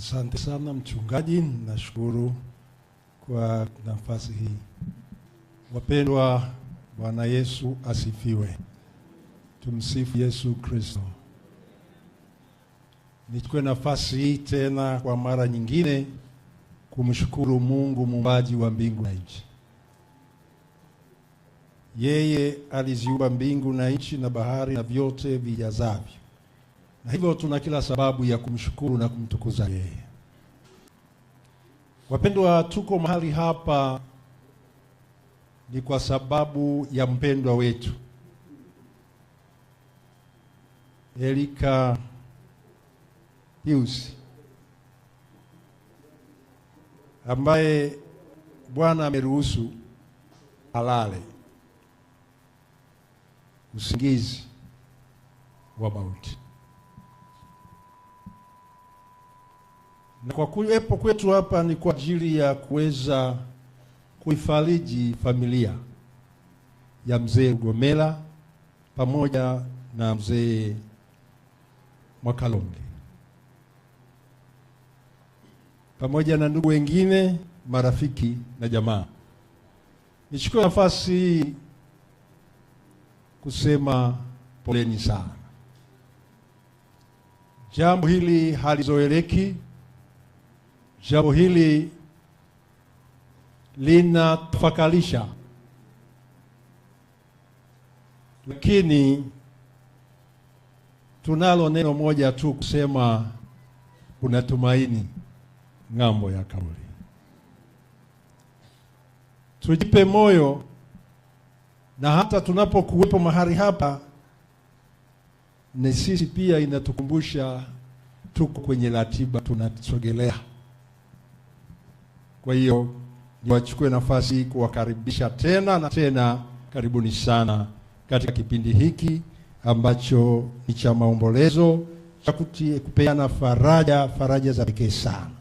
Asante sana mchungaji, nashukuru kwa nafasi hii. Wapendwa, Bwana Yesu asifiwe. Tumsifu Yesu Kristo. Nichukue nafasi hii tena kwa mara nyingine kumshukuru Mungu muumbaji wa mbingu na nchi. Yeye aliziumba mbingu na nchi na bahari na vyote vijazavyo na hivyo tuna kila sababu ya kumshukuru na kumtukuza yeye. Wapendwa, tuko mahali hapa ni kwa sababu ya mpendwa wetu Erika Pius ambaye Bwana ameruhusu alale usingizi wa mauti. na kwa kuwepo kwetu hapa ni kwa ajili ya kuweza kuifariji familia ya mzee Ugomela pamoja na mzee Mwakalonge pamoja na ndugu wengine, marafiki na jamaa. Nichukue nafasi hii kusema poleni sana. Jambo hili halizoeleki. Jambo hili linatufakalisha lakini tunalo neno moja tu kusema kuna tumaini ng'ambo ya kauli. Tujipe moyo, na hata tunapokuwepo mahali hapa, ni sisi pia inatukumbusha tuko kwenye ratiba, tunasogelea kwa hiyo niwachukue nafasi kuwakaribisha tena na tena, karibuni sana katika kipindi hiki ambacho ni cha maombolezo cha kupeana faraja, faraja za pekee sana.